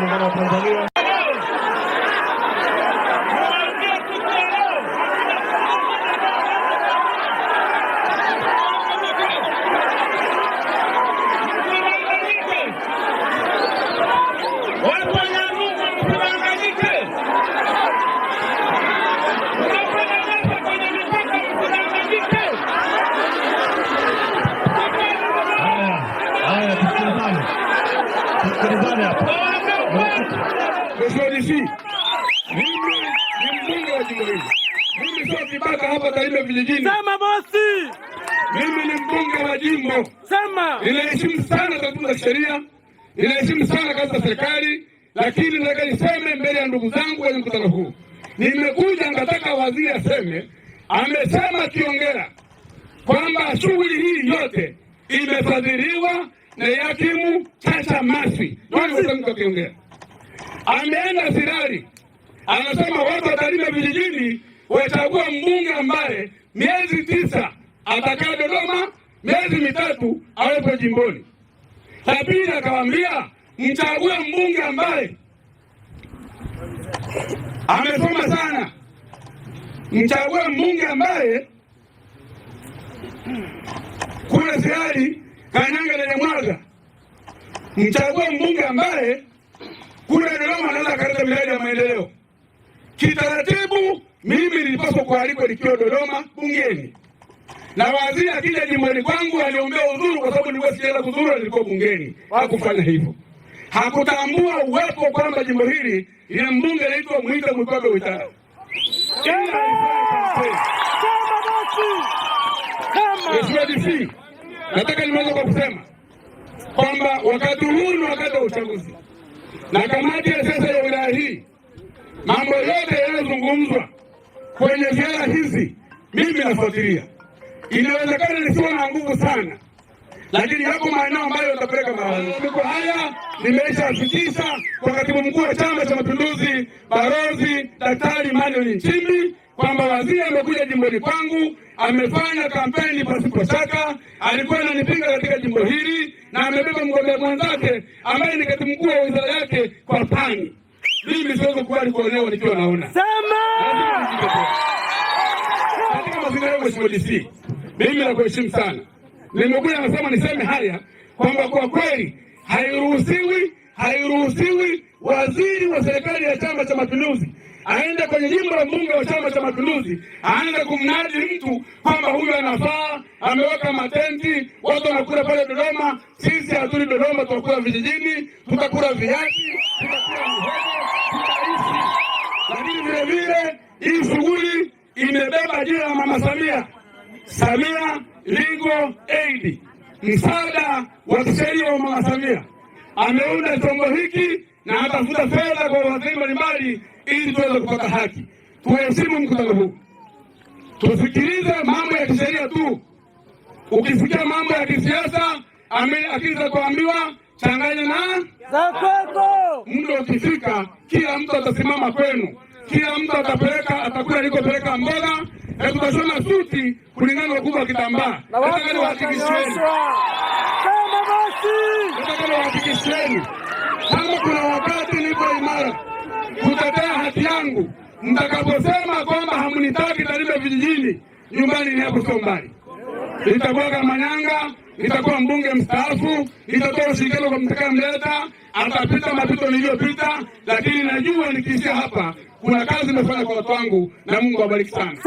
Gracias. Mheshimiwa DC, mimi ni mbunge wa jimbo hili, mimi sio kibaka hapa Tarime vijijini. Sema bosi, mimi ni mbunge wa jimbo. Sema ninaheshimu sana taratibu za sheria, ninaheshimu sana kazi za serikali, lakini nataka niseme mbele ya ndugu zangu kwenye mkutano huu, nimekuja nataka waziri aseme, amesema Kiongera kwamba shughuli hii yote imefadhiliwa na Eliakimu Chacha Mtu akiongea ameenda Sirari, anasema watu watalima vijijini, wachagua mbunge ambaye miezi tisa atakaa Dodoma, miezi mitatu awepo jimboni. La pili akawaambia mchague mbunge ambaye amesoma sana, mchague mbunge ambaye kule Sirari Kainanga na Nyamwaga, mchague mbunge ambaye kura dodoma lawama anaweza akaleta miradi ya maendeleo. Kitaratibu mimi nilipaswa kualikwa nikiwa Dodoma bungeni, na waziri akija jimboni kwangu aliombea udhuru, kwa sababu nilikuwa sijaenda kuzuru, nilikuwa bungeni. Hakufanya hivyo, hakutambua uwepo kwamba jimbo hili lina mbunge anaitwa Mwita Mwikobe Witara. Mheshimiwa DC, Nataka nimeweza kwa kusema kwamba wakati huu ni wakati wa uchaguzi, na kamati ya siasa ya wilaya hii, mambo yote yanayozungumzwa kwenye ziara hizi mimi nafuatilia. Inawezekana nisiwa na nguvu sana, lakini yako maeneo ambayo yatapeleka malalamiko haya. Nimeshafikisha kwa katibu mkuu wa Chama cha Mapinduzi, Balozi Daktari Emmanuel Nchimbi kwamba waziri amekuja jimboni kwangu, amefanya kampeni pasipo shaka, alikuwa ananipinga katika jimbo hili na amebeba mgombea mwenzake ambaye ni katibu mkuu wa wizara yake kwa pani. Mimi siwezi kukubali kuonewa nikiwa naona. Katika mazingira yangu Mheshimiwa DC, mimi nakuheshimu sana, nimekuja nasema niseme haya kwamba kwa kweli hairuhusiwi, hairuhusiwi waziri wa serikali ya Chama cha Mapinduzi aende kwenye jimbo la mbunge wa Chama cha Mapinduzi, aanze kumnadi mtu kwamba huyu anafaa, ameweka matenti, watu wanakula pale Dodoma. Sisi hatuli Dodoma, tutakula vijijini, tutakula viazi, tutakula tutaishi. Lakini vile vile hii shughuli imebeba jina la Mama Samia, Samia Legal Aid, msaada wa kisheria wa Mama Samia. Ameunda chombo hiki na atafuta fedha kwa wafadhili mbalimbali ili tuweze kupata haki. Tuheshimu mkutano huu, tusikilize mambo ya kisheria tu. Ukisikia mambo ya kisiasa amini akili za kuambiwa changanya na za kwako, muda ukifika, kila mtu atasimama kwenu, kila mtu atapeleka atakula alikopeleka mboga na tutashona suti kulingana na ukubwa wa kitambaa. Nataka niwahakikishieni kama kuna wakati niko imara kutetea haki yangu, mtakaposema kwamba hamnitaki Tarime vijijini, nyumbani ni hapo, sio mbali. Nitakuwa Kamanyanga, nitakuwa mbunge mstaafu, nitatoa ushirikiano kwa mtakayemleta, atapita mapito niliyopita, lakini najua nikiishia hapa, kuna kazi imefanya kwa watu wangu, na Mungu awabariki sana.